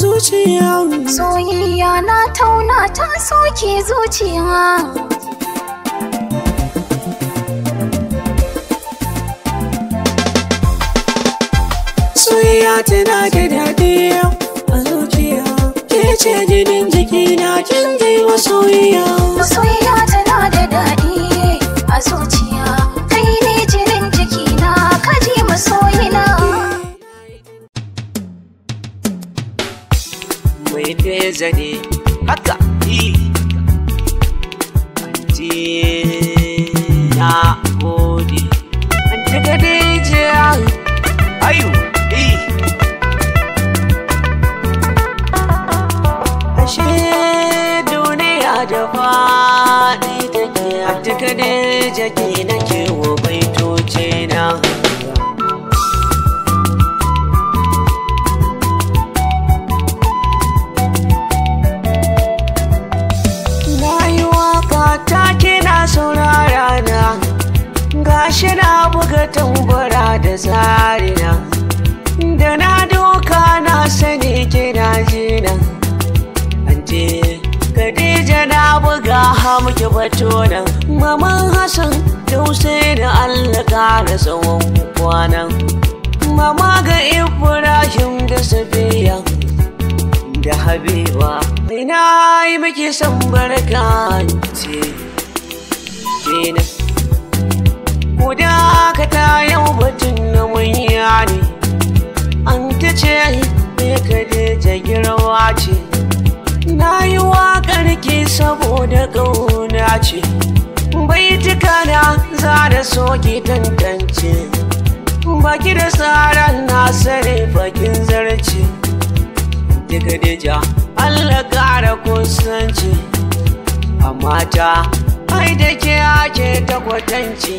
zuciya soyayya na tauna ta soke zuciya soyayya tana da daɗi a zuciya ke ce jinin jiki na ji soyayya mai feza ne haka anti na gode ayu ashe duniya da faɗi take anti ka gashi na buga tambura da zarina da na doka na sani kina jina ante Khadija na buga hamki batonan maman Hassan da Hussein Allah kara tsawon kwanan mama ga Ibrahim da Safiya da Habiba ina yi muke san barka ce ta yau batun na manya ne an ta ce me ka da ce na yi waƙar ki saboda ƙauna ce baitika na za da soke tantance baki da tsaron na sare bakin zarce daga deja Allah ƙara kusanci a mata ai da ke ake ta kwatanci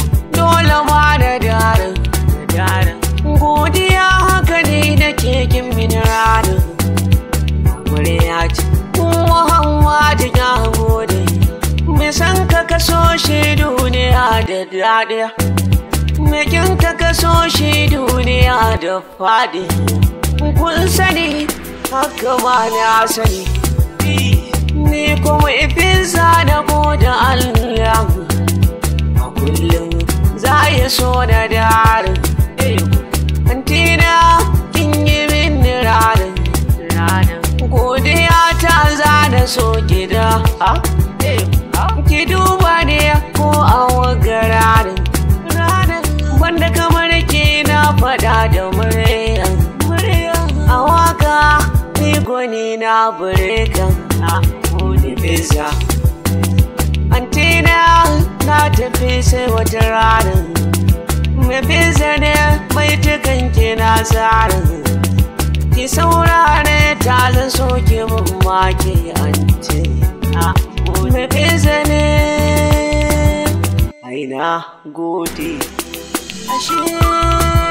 shi duniya da daɗi Mikin ka kaso shi duniya da faɗi Kun sani haka ma na sani Ni kuma ifin na ko da Allah A kullum za ya so na darin Antina kin yi min ranar Godiya ta zana so gida na burekan a kone beza antina na tafi sai wata rana mai beza ne mai tukan kina tsarin ki saurare talin soke mun maki na mai beza ne aina gode ashe